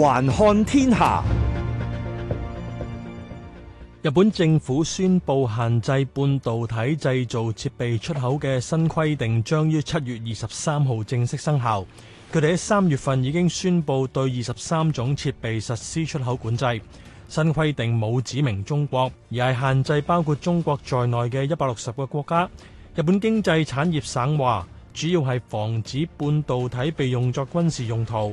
環看天下，日本政府宣布限制半導體製造設備出口嘅新規定將於七月二十三號正式生效。佢哋喺三月份已經宣布對二十三種設備實施出口管制。新規定冇指明中國，而係限制包括中國在內嘅一百六十個國家。日本經濟產業省話，主要係防止半導體被用作軍事用途。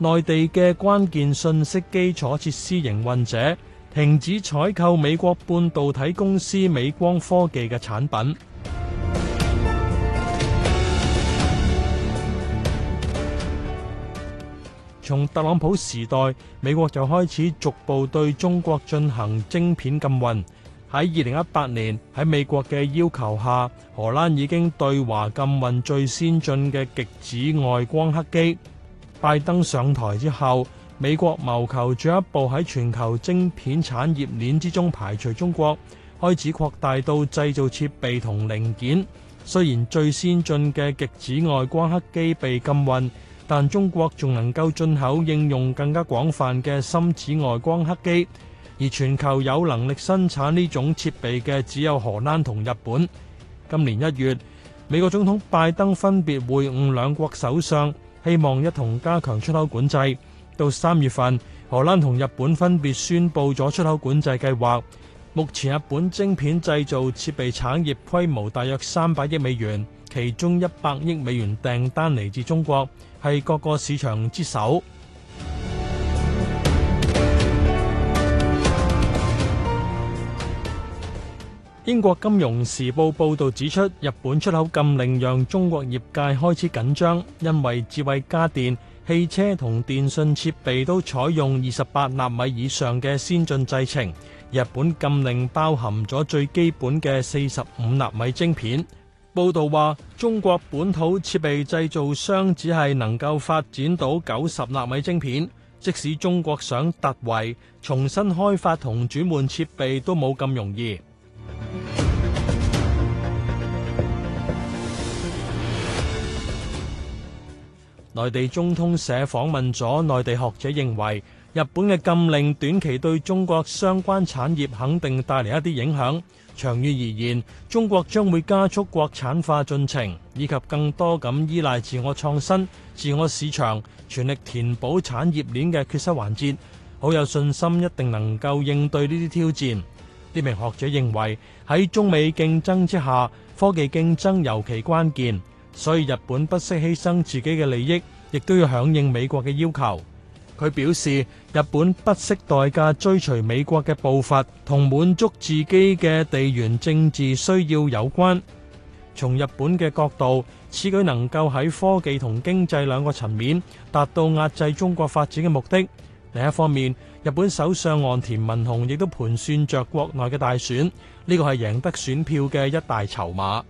內地嘅關鍵信息基礎設施營運者停止採購美國半導體公司美光科技嘅產品。從特朗普時代，美國就開始逐步對中國進行晶片禁運。喺二零一八年，喺美國嘅要求下，荷蘭已經對華禁運最先進嘅極紫外光刻機。拜登上台之後，美國謀求進一步喺全球晶片產業鏈之中排除中國，開始擴大到製造設備同零件。雖然最先進嘅極紫外光刻機被禁運，但中國仲能夠進口應用更加廣泛嘅深紫外光刻機，而全球有能力生產呢種設備嘅只有荷蘭同日本。今年一月，美國總統拜登分別會晤兩國首相。希望一同加強出口管制。到三月份，荷蘭同日本分別宣布咗出口管制計劃。目前日本晶片製造設備產業規模大約三百億美元，其中一百億美元訂單嚟自中國，係各個市場之首。英國金融時報報道指出，日本出口禁令讓中國業界開始緊張，因為智慧家電、汽車同電信設備都採用二十八納米以上嘅先進製程。日本禁令包含咗最基本嘅四十五納米晶片。報道話，中國本土設備製造商只係能夠發展到九十納米晶片，即使中國想突圍，重新開發同轉換設備都冇咁容易。內地中通社訪問咗內地學者，認為日本嘅禁令短期對中國相關產業肯定帶嚟一啲影響，長遠而言，中國將會加速國產化進程，以及更多咁依賴自我創新、自我市場，全力填補產業鏈嘅缺失環節。好有信心一定能夠應對呢啲挑戰。呢名學者認為，喺中美競爭之下，科技競爭尤其關鍵。所以日本不惜犧牲自己嘅利益，亦都要響應美國嘅要求。佢表示，日本不惜代價追隨美國嘅步伐，同滿足自己嘅地緣政治需要有關。從日本嘅角度，此舉能夠喺科技同經濟兩個層面達到壓制中國發展嘅目的。另一方面，日本首相岸田文雄亦都盤算着國內嘅大選，呢、這個係贏得選票嘅一大籌碼。